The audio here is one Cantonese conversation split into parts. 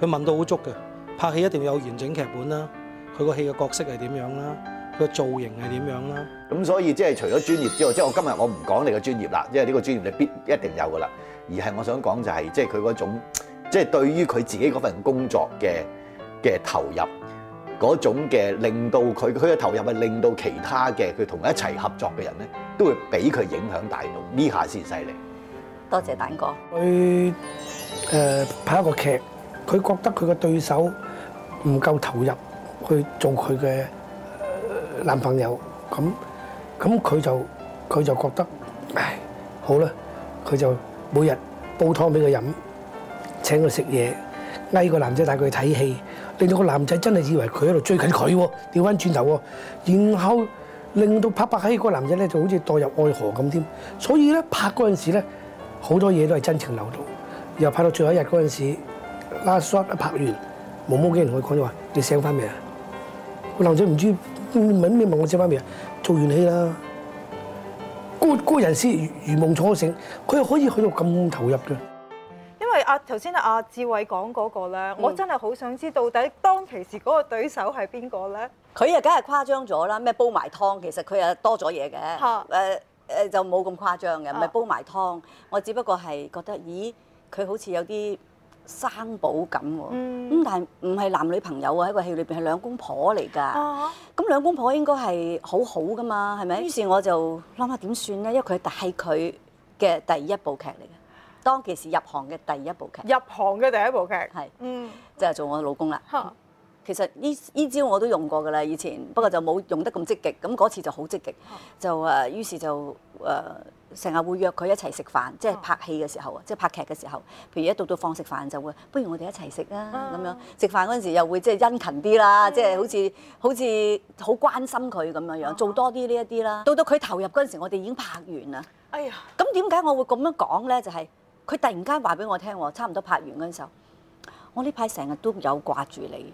佢問到好足嘅，拍戲一定要有完整劇本啦。佢個戲嘅角色係點樣啦？佢個造型係點樣啦？咁所以即係除咗專業之外，即係我今日我唔講你嘅專業啦，即係呢個專業你必一定有噶啦。而係我想講就係、是，即係佢嗰種，即係對於佢自己嗰份工作嘅嘅投入嗰種嘅，令到佢佢嘅投入係令到其他嘅佢同佢一齊合作嘅人咧，都會俾佢影響大到呢下先犀利。多謝蛋哥。佢誒、呃、拍一個劇。佢覺得佢嘅對手唔夠投入去做佢嘅男朋友，咁咁佢就佢就覺得，唉，好啦，佢就每日煲湯俾佢飲，請佢食嘢，嗌個男仔帶佢去睇戲，令到個男仔真係以為佢喺度追緊佢喎，掉翻轉頭喎，然後令到拍拍喺個男仔咧就好似墮入愛河咁添，所以咧拍嗰陣時咧好多嘢都係真情流露，又拍到最後一日嗰陣時。拉 shot 一拍完，毛毛幾人同我講咗話：你醒翻未啊？個男仔唔知問咩問我醒翻未啊？做完戲啦。孤孤人思如如夢初醒，佢又可以去到咁投入嘅。因為阿頭先阿志偉講嗰個咧，我真係好想知到底當其時嗰個對手係邊個咧？佢又梗係誇張咗啦！咩煲埋湯，其實佢又多咗嘢嘅。嚇！誒誒，就冇咁誇張嘅，唔係煲埋湯。我只不過係覺得，咦，佢好似有啲。生補感喎，咁、嗯、但係唔係男女朋友喎，喺個戲裏邊係兩公婆嚟㗎。咁、哦、兩公婆應該係好好㗎嘛，係咪？於是我就諗下點算咧，因為佢係佢嘅第一部劇嚟嘅，當其時入行嘅第一部劇。入行嘅第一部劇。係。是嗯。就係做我老公啦。嚇、嗯。其實呢呢招我都用過㗎啦，以前不過就冇用得咁積極，咁嗰次就好積極，就誒，於是就誒。呃成日會約佢一齊食飯，即係拍戲嘅時候啊，即係拍劇嘅時候。譬如一到到放食飯，就會不如我哋一齊食啦咁樣。食、啊、飯嗰陣時又會即係殷勤啲啦，即係、啊、好似好似好關心佢咁樣樣，做多啲呢一啲啦。啊、到到佢投入嗰陣時，我哋已經拍完啦。哎呀，咁點解我會咁樣講咧？就係、是、佢突然間話俾我聽，差唔多拍完嗰陣時候，我呢排成日都有掛住你。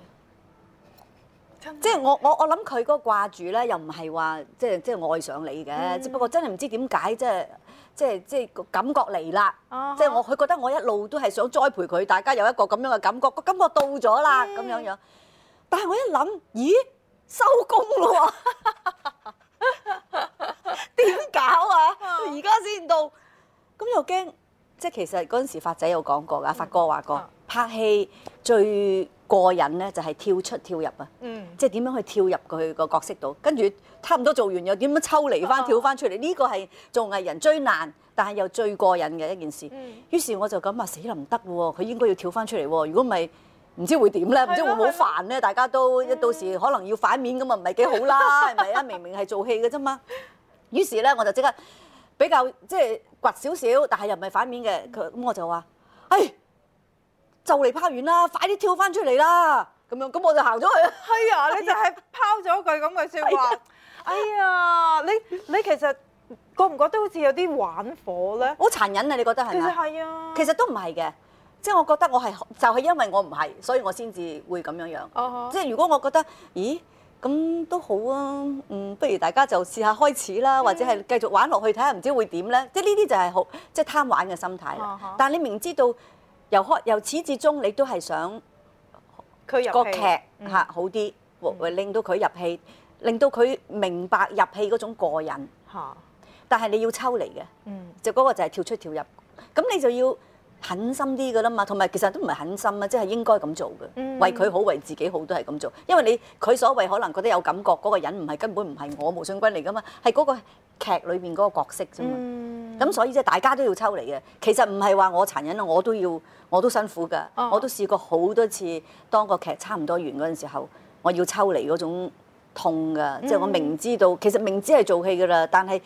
即係我我我諗佢嗰個掛住咧，又唔係話即係即係愛上你嘅，只不過真係唔知點解，即係即係即係個感覺嚟啦。即係我佢覺得我一路都係想栽培佢，大家有一個咁樣嘅感覺，個感覺到咗啦咁樣樣。但係我一諗，咦，收工咯，點搞啊？而家先到，咁又驚，即係其實嗰陣時發仔有講過噶，發哥話過拍戲最過癮咧，就係跳出跳入啊！即係點樣去跳入佢個角色度，跟住差唔多做完又點樣抽離翻跳翻出嚟？呢個係做藝人最難，但係又最過癮嘅一件事。於是我就咁話：死啦唔得喎！佢應該要跳翻出嚟喎！如果唔係，唔知會點咧？唔知會唔會好煩咧？大家都一到時可能要反面咁啊，唔係幾好啦？係咪啊？明明係做戲嘅啫嘛。於是咧，我就即刻比較即係掘少少，但係又唔係反面嘅。佢咁我就話：唉。」就嚟拋完啦，快啲跳翻出嚟啦！咁樣，咁我就行咗去啦。係啊，你就係拋咗句咁嘅説話。哎呀，你就是了一句說、哎、呀你，你其實覺唔覺得好似有啲玩火咧？好殘忍啊！你覺得係咪？其實係啊。其實都唔係嘅，即係我覺得我係就係、是、因為我唔係，所以我先至會咁樣樣、uh。即、huh、係如果我覺得，咦，咁都好啊，嗯，不如大家就試下開始啦，或者係繼續玩落去睇下唔知會點咧。即係呢啲就係好即係、就是、貪玩嘅心態、uh huh、但係你明知道。由開由始至終，你都係想佢入個劇嚇好啲，令到佢入戲，令到佢明白入戲嗰種過癮、啊、但係你要抽離嘅，嗯、就嗰個就係跳出跳入。咁你就要狠心啲噶啦嘛。同埋其實都唔係狠心啊，即、就、係、係、應該咁做嘅，嗯、為佢好為自己好都係咁做。因為你佢所謂可能覺得有感覺嗰、嗰個人唔係，唔係根本唔係我毛舜筠嚟噶嘛，係嗰個劇裏面嗰個角色啫嘛。嗯咁所以即係大家都要抽離嘅，其實唔係話我殘忍，我都要，我都辛苦㗎，哦、我都試過好多次，當個劇差唔多完嗰陣時候，我要抽離嗰種。痛噶，即係我明知道，嗯、其實明知係做戲噶啦，但係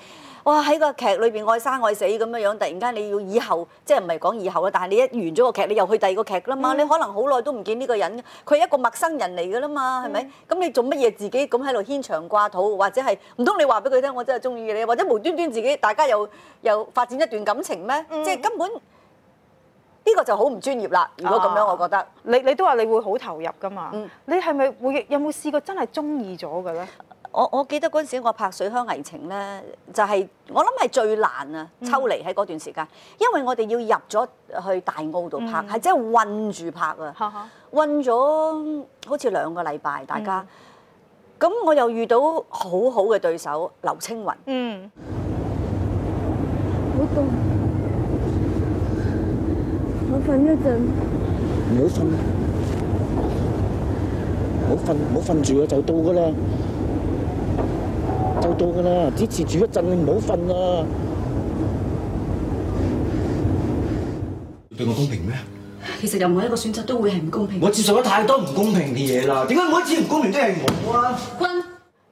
哇喺個劇裏邊愛生愛死咁樣樣，突然間你要以後，即係唔係講以後啦？但係你一完咗個劇，你又去第二個劇啦嘛？嗯、你可能好耐都唔見呢個人，佢係一個陌生人嚟噶啦嘛，係咪、嗯？咁你做乜嘢自己咁喺度牽腸掛肚，或者係唔通你話俾佢聽，我真係鍾意你，或者無端端自己大家又又發展一段感情咩？嗯、即係根本。呢個就好唔專業啦！如果咁樣，我覺得、啊、你你都話你會好投入噶嘛？嗯、你係咪會有冇試過真係中意咗嘅咧？我我記得嗰陣時我拍《水鄉危情》咧，就係、是、我諗係最難啊！抽離喺嗰段時間，因為我哋要入咗去大澳度拍，係、嗯、即係混住拍啊！混咗、嗯、好似兩個禮拜，大家咁、嗯、我又遇到很好好嘅對手劉青雲。嗯。瞓一陣，唔好瞓，唔好瞓，唔好瞓住啊！就到噶啦，就到噶啦！支持住一陣，你唔好瞓啊！你對我公平咩？其實任何一個選擇都會係唔公平，我接受咗太多唔公平嘅嘢啦。點解每一次唔公平都係我啊？瞓，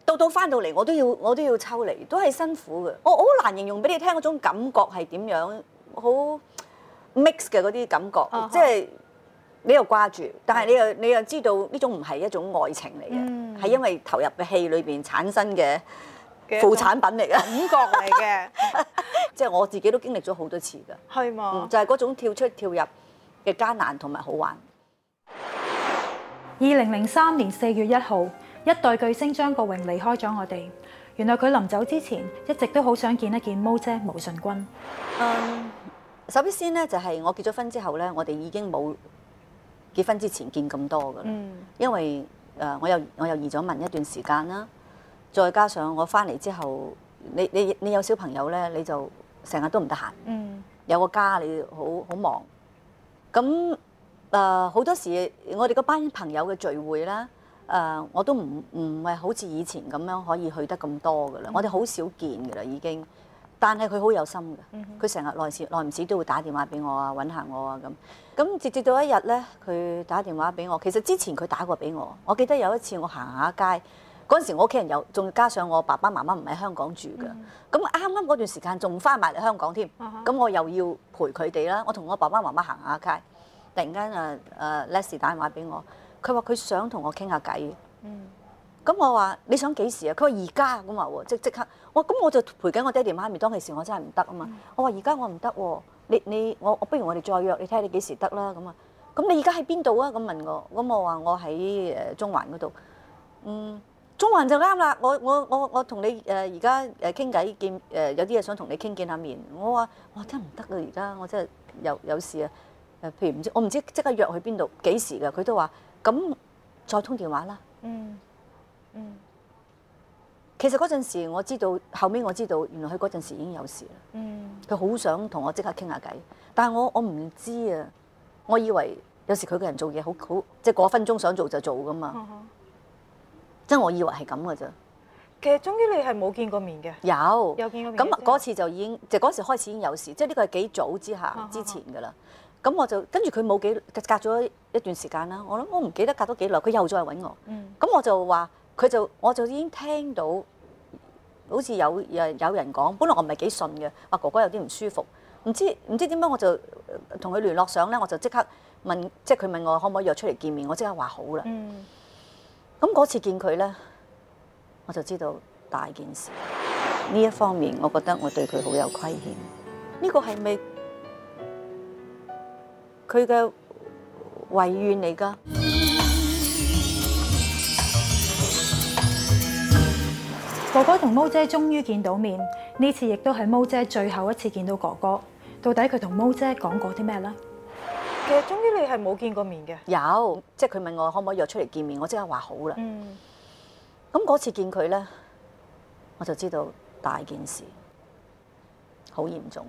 到到翻到嚟，我都要我都要抽離，都係辛苦嘅。我好難形容俾你聽嗰種感覺係點樣，好。mix 嘅嗰啲感覺，即係、哦、你又掛住，是的 但係你又你又知道呢種唔係一種愛情嚟嘅，係、嗯、因為投入嘅戲裏邊產生嘅副產品嚟嘅感覺嚟嘅，即係我自己都經歷咗好多次噶，是嗎就係嗰種跳出跳入嘅艱難同埋好玩。二零零三年四月一號，一代巨星張國榮離開咗我哋。原來佢臨走之前一直都好想見一見毛姐毛舜筠。首先咧，就係、是、我結咗婚之後咧，我哋已經冇結婚之前見咁多噶啦。嗯、因為誒，我又我又異咗民一段時間啦，再加上我翻嚟之後，你你你有小朋友咧，你就成日都唔得閒。嗯、有個家你好好忙，咁誒好多時我哋嗰班朋友嘅聚會啦，誒、呃、我都唔唔係好似以前咁樣可以去得咁多噶啦，嗯、我哋好少見噶啦已經。但係佢好有心嘅，佢成日耐時耐唔時都會打電話俾我啊，揾下我啊咁。咁直至到一日咧，佢打電話俾我。其實之前佢打過俾我，我記得有一次我行下街，嗰陣時我屋企人又仲加上我爸爸媽媽唔喺香港住嘅，咁啱啱嗰段時間仲翻埋嚟香港添，咁、嗯、哼我又要陪佢哋啦。我同我爸爸媽媽行下街，突然間啊啊、uh, Leslie 打電話俾我，佢話佢想同我傾下偈。嗯咁我話你想幾時啊？佢話而家咁話喎，即即刻。我咁我就陪緊我爹哋媽咪當其時，我真的不，我真係唔得啊嘛。我話而家我唔得喎，你你我不如我哋再約你睇下你幾時得啦咁啊。咁你而家喺邊度啊？咁問我。咁我話我喺誒中環嗰度。嗯，中環就啱啦。我我我我同你誒而家誒傾偈見誒，有啲嘢想同你傾見下面。我話我真係唔得啊！而家我真係有有事啊。誒，譬如唔知我唔知即刻約去邊度幾時㗎？佢都話咁再通電話啦。嗯。嗯，其實嗰陣時我知道，後尾我知道原來佢嗰陣時已經有事啦。嗯，佢好想同我即刻傾下偈，但係我我唔知啊。我以為有時佢個人做嘢好好，即係個分鐘想做就做噶嘛。即係我以為係咁噶咋。其實終於你係冇見過面嘅？有。有有見過面。咁嗰次就已經即嗰時開始已經有事，即係呢個係幾早之下嗯嗯嗯之前噶啦。咁我就跟住佢冇幾隔咗一段時間啦。我諗我唔記得隔咗幾耐，佢又再揾我。嗯，嗯，咁我就話。佢就我就已經聽到，好似有誒有，有人講，本來我唔係幾信嘅，話哥哥有啲唔舒服，唔知唔知點解我就同佢聯絡上咧，我就即刻問，即係佢問我可唔可以約出嚟見面，我即刻話好啦。嗯。咁嗰次見佢咧，我就知道大件事。呢一方面，我覺得我對佢好有虧欠，呢、這個係咪佢嘅遺願嚟㗎？哥哥同毛姐終於見到面，呢次亦都係毛姐最後一次見到哥哥。到底佢同毛姐講過啲咩咧？其實終於你係冇見過面嘅。有，即係佢問我可唔可以約出嚟見面，我即刻話好啦。嗯。咁嗰次見佢咧，我就知道大件事好嚴重。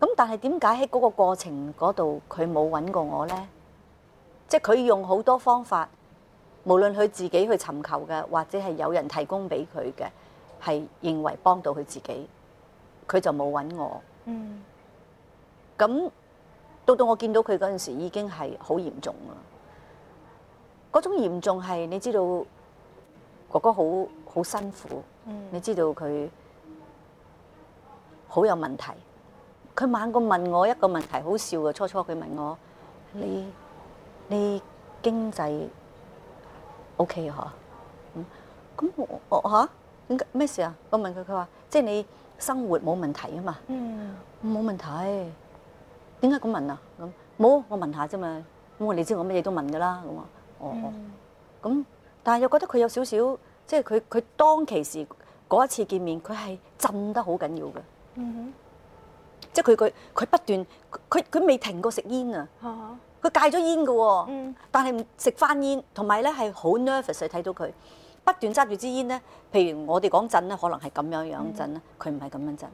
咁但係點解喺嗰個過程嗰度佢冇揾過我咧？即係佢用好多方法。無論佢自己去尋求嘅，或者係有人提供俾佢嘅，係認為幫到佢自己，佢就冇揾我。嗯，咁到到我見到佢嗰陣時，已經係好嚴重啦。嗰種嚴重係你知道哥哥好好辛苦，你知道佢好、嗯、有問題。佢猛咁問我一個問題，好笑嘅初初佢問我：你你經濟？O K 嚇，嗯、okay, right? 咁我我嚇點解咩事啊？我問佢，佢話即係你生活冇問題啊嘛，嗯、mm，冇、hmm. 問題，點解咁問啊？咁冇我問下啫嘛，咁我你知我乜嘢都問噶啦，咁啊，哦咁、mm hmm. 但係又覺得佢有少少，即係佢佢當其時嗰一次見面，佢係震得好緊要嘅，嗯哼、mm，即係佢佢佢不斷佢佢未停過食煙啊，mm hmm. 佢戒咗煙嘅、哦，嗯、但係唔食翻煙，同埋咧係好 nervous。你睇到佢不斷揸住支煙咧。譬如我哋講震咧，可能係咁樣樣震咧，佢唔係咁樣震，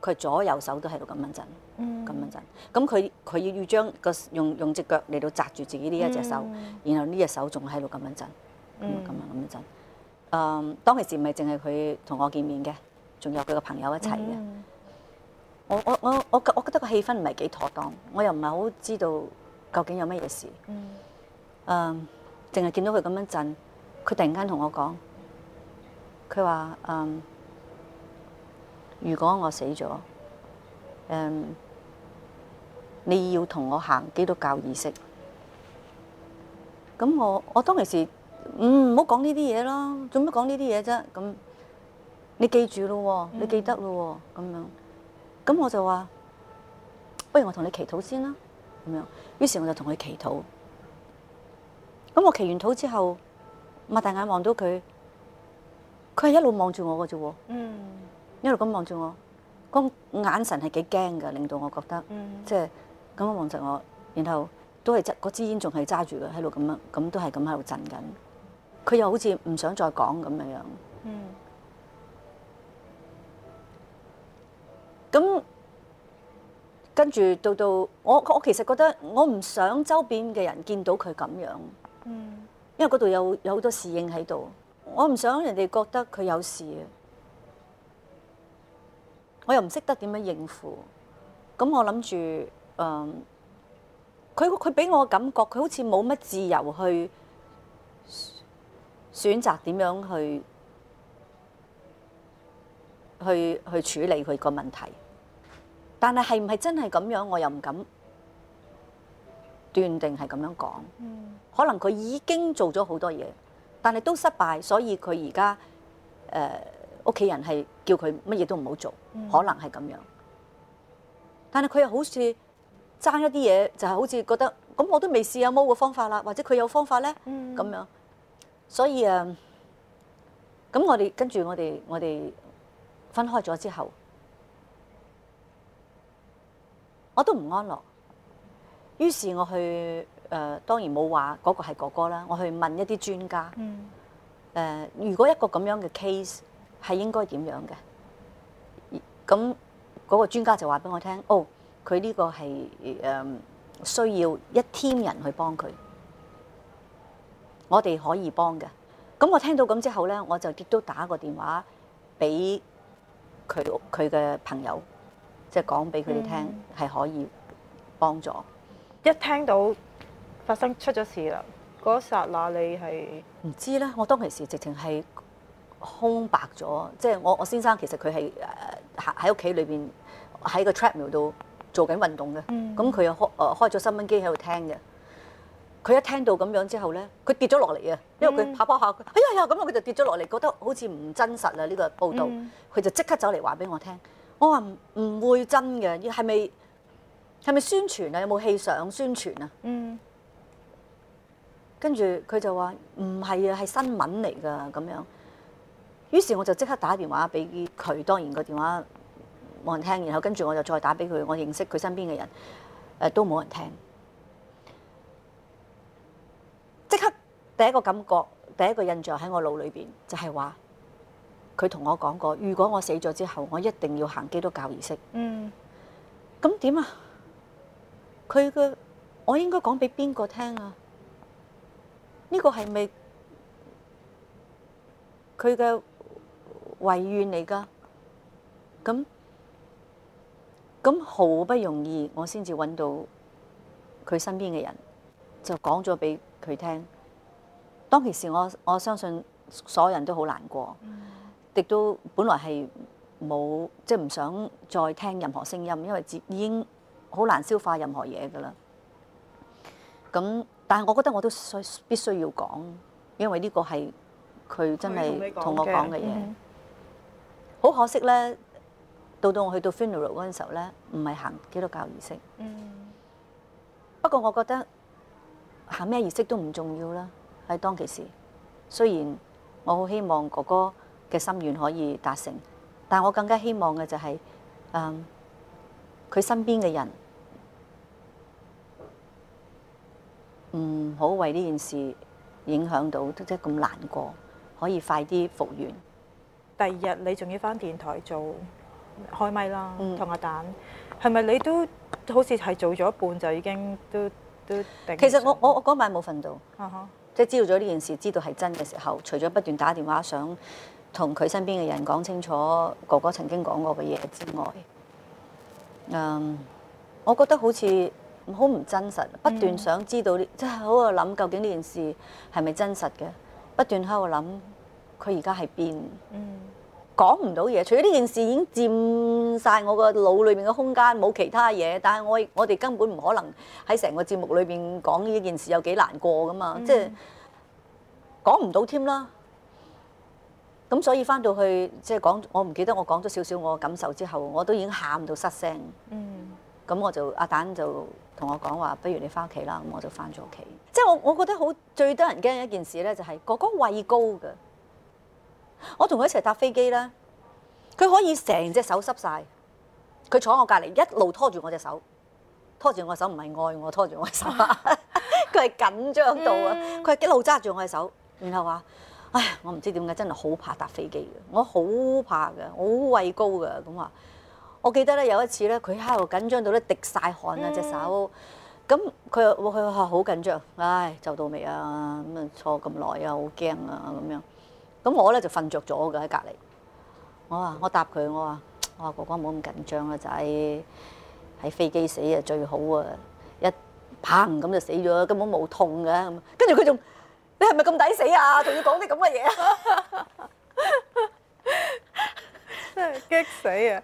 佢、嗯、左右手都喺度咁樣震，咁、嗯、樣震。咁佢佢要要將個用用隻腳嚟到揸住自己呢一隻手，嗯、然後呢隻手仲喺度咁樣震，咁、嗯、樣咁樣震。誒、呃，當其時唔係淨係佢同我見面嘅，仲有佢嘅朋友一齊嘅、嗯。我我我我我覺得個氣氛唔係幾妥當，我又唔係好知道。究竟有乜嘢事？嗯，誒，淨係見到佢咁樣震，佢突然間同我講，佢話誒，um, 如果我死咗，誒、um，你要同我行基督教儀式。那」咁我我當其時，唔好講呢啲嘢咯，做乜講呢啲嘢啫？咁你記住咯，你記得咯，咁、嗯、樣，咁我就話，不如我同你祈禱先啦。咁樣，於是我就同佢祈禱。咁我祈完禱之後，擘大眼望到佢，佢係一路望住我嘅啫喎。嗯，一路咁望住我，個眼神係幾驚嘅，令到我覺得，即係咁樣望着我。然後都係執嗰支煙還的，仲係揸住佢喺度咁樣，咁都係咁喺度震緊。佢又好似唔想再講咁樣樣。嗯。咁。跟住到到，我我其實覺得我唔想周邊嘅人見到佢咁樣，嗯，因為嗰度有有好多侍應喺度，我唔想人哋覺得佢有事，啊，我又唔識得點樣應付，咁我諗住誒，佢佢俾我嘅感覺，佢好似冇乜自由去選擇點樣去去去處理佢個問題。但係係唔係真係咁樣？我又唔敢斷定係咁樣講。可能佢已經做咗好多嘢，但係都失敗，所以佢而家、呃、誒屋企人係叫佢乜嘢都唔好做，嗯、可能係咁樣。但係佢又好似爭一啲嘢，就係、是、好似覺得咁我都未試阿毛嘅方法啦，或者佢有方法咧咁樣。所以誒，咁我哋跟住我哋我哋分開咗之後。我都唔安樂。於是我去誒、呃，當然冇話嗰個係哥哥啦。我去問一啲專家，誒、呃，如果一個咁樣嘅 case 係應該點樣嘅？咁嗰、那個專家就話俾我聽，哦，佢呢個係誒、呃、需要一 team 人去幫佢，我哋可以幫嘅。咁我聽到咁之後咧，我就亦都打個電話俾佢佢嘅朋友。即係講俾佢哋聽係、嗯、可以幫助。一聽到發生出咗事啦，嗰剎那你係唔知咧。我當其時直情係空白咗。即、就、係、是、我我先生其實佢係誒喺屋企裏邊喺個 trap 度做緊運動嘅。咁佢又開誒、呃、開咗新聞機喺度聽嘅。佢一聽到咁樣之後咧，佢跌咗落嚟啊！因為佢拍拍下，嗯、哎呀呀咁，佢就跌咗落嚟，覺得好似唔真實啊！呢、這個報導，佢、嗯、就即刻走嚟話俾我聽。我話唔會真嘅，係咪係咪宣傳啊？有冇戲上宣傳啊？嗯，跟住佢就話唔係啊，係新聞嚟㗎咁樣。於是我就即刻打電話俾佢，當然個電話冇人聽。然後跟住我就再打俾佢，我認識佢身邊嘅人，誒、呃、都冇人聽。即刻第一個感覺，第一個印象喺我腦裏邊就係話。佢同我講過，如果我死咗之後，我一定要行基督教儀式。嗯，咁點啊？佢嘅我應該講俾邊個聽啊？呢個係咪佢嘅遺願嚟噶？咁咁好不容易，我先至揾到佢身邊嘅人，就講咗俾佢聽。當其時我，我我相信所有人都好難過。嗯亦都本來係冇，即係唔想再聽任何聲音，因為已已經好難消化任何嘢㗎喇。咁但係，我覺得我都需必須要講，因為呢個係佢真係同我講嘅嘢。好可惜咧，到到我去到 funeral 嗰陣時候咧，唔係行基督教儀式。嗯。不過，我覺得行咩儀式都唔重要啦，係當其時。雖然我好希望哥哥嘅心願可以達成，但我更加希望嘅就係、是，嗯，佢身邊嘅人唔好、嗯、為呢件事影響到，即係咁難過，可以快啲復原。第二日你仲要翻電台做開咪啦，同、嗯、阿蛋係咪？是不是你都好似係做咗一半就已經都都定。其實我我我嗰晚冇瞓到，uh huh. 即係知道咗呢件事，知道係真嘅時候，除咗不斷打電話想。同佢身邊嘅人講清楚哥哥曾經講過嘅嘢之外，嗯，um，我覺得好似好唔真實，不斷想知道呢，即係喺度諗究竟呢件事係咪真實嘅？不斷喺度諗佢而家喺邊，講唔到嘢。除咗呢件事已經佔晒我個腦裏面嘅空間，冇其他嘢。但係我我哋根本唔可能喺成個節目裏邊講呢件事有幾難過㗎嘛？即係講唔到添啦。就是咁所以翻到去即係講，我唔記得我講咗少少我嘅感受之後，我都已經喊到失聲。嗯，咁我就阿蛋就同我講話，不如你翻屋企啦。咁我就翻咗屋企。即、就、係、是、我，我覺得好最得人驚一件事咧、就是，就係哥哥畏高嘅。我同佢一齊搭飛機咧，佢可以成隻手濕晒。佢坐我隔離一路拖住我隻手，拖住我隻手唔係愛我，拖住我嘅手，佢係緊張到啊！佢係、嗯、一路揸住我隻手，然後話。唉，我唔知點解，真係好怕搭飛機嘅，我好怕嘅，好畏高嘅。咁話，我記得咧有一次咧，佢喺度緊張到咧滴晒汗啊隻手，咁佢佢話好緊張，唉，就到未啊？咁啊坐咁耐啊，好驚啊咁樣。咁我咧就瞓着咗嘅喺隔離。我話我答佢，我話我話哥哥冇咁緊張啦，啊，仔喺飛機死啊最好啊，一砰咁就死咗，根本冇痛嘅。跟住佢仲。你係咪咁抵死啊？同佢講啲咁嘅嘢啊！真係激死啊！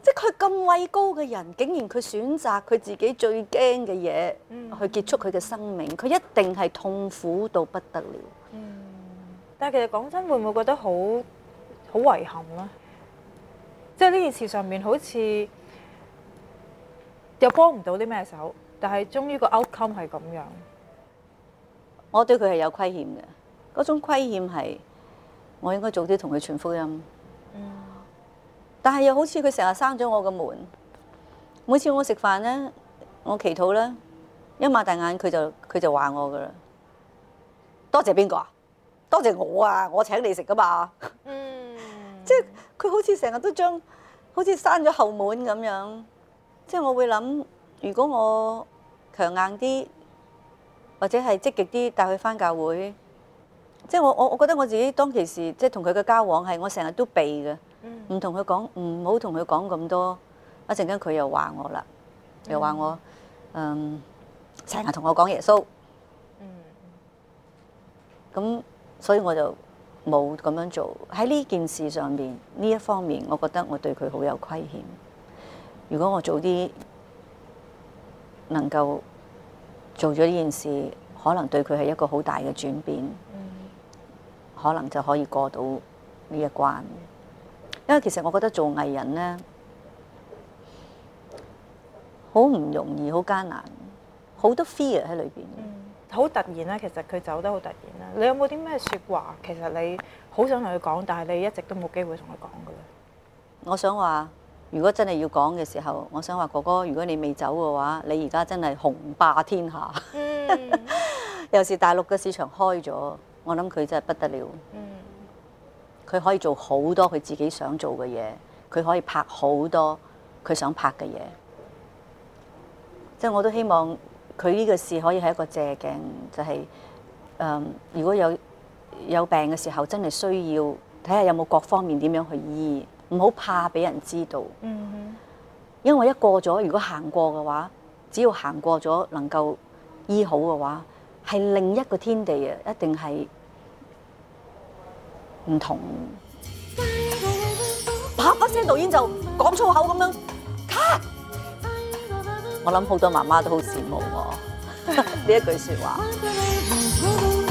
即係佢咁畏高嘅人，竟然佢選擇佢自己最驚嘅嘢去結束佢嘅生命，佢一定係痛苦到不得了。但係其實講真，會唔會覺得好好遺憾咧？即係呢件事上面好似又幫唔到啲咩手，但係終於個 outcome 係咁樣。我對佢係有虧欠嘅，嗰種虧欠係我應該早啲同佢傳福音。嗯，但係又好似佢成日閂咗我嘅門，每次我食飯咧，我祈禱咧，一擘大眼佢就佢就話我噶啦。多謝邊個啊？多謝我啊！我請你食噶嘛。嗯，即係佢好似成日都將好似閂咗後門咁樣，即係我會諗，如果我強硬啲。或者係積極啲帶佢翻教會，即係我我我覺得我自己當其時即係同佢嘅交往係我成日都避嘅，唔同佢講，唔好同佢講咁多。一陣間佢又話我啦，又話我，成日同我講耶穌。嗯。咁所以我就冇咁樣做，喺呢件事上面，呢一方面，我覺得我對佢好有虧欠。如果我早啲能夠。做咗呢件事，可能對佢係一個好大嘅轉變，嗯、可能就可以過到呢一關。因為其實我覺得做藝人呢，好唔容易，好艱難，好多 fear 喺裏邊。好、嗯、突然啦，其實佢走得好突然啦。你有冇啲咩説話？其實你好想同佢講，但係你一直都冇機會同佢講嘅。我想話。如果真係要講嘅時候，我想話哥哥，如果你未走嘅話，你而家真係紅霸天下。又 是大陸嘅市場開咗，我諗佢真係不得了。佢可以做好多佢自己想做嘅嘢，佢可以拍好多佢想拍嘅嘢。即係，我都希望佢呢個事可以係一個借鏡，就係、呃、如果有有病嘅時候，真係需要睇下有冇各方面點樣去醫。唔好怕俾人知道，嗯、哼因為一過咗，如果行過嘅話，只要行過咗能夠醫好嘅話，係另一個天地啊！一定係唔同。啪啪聲導演就講粗口咁樣，卡！我諗好多媽媽都好羨慕喎，呢 一句説話。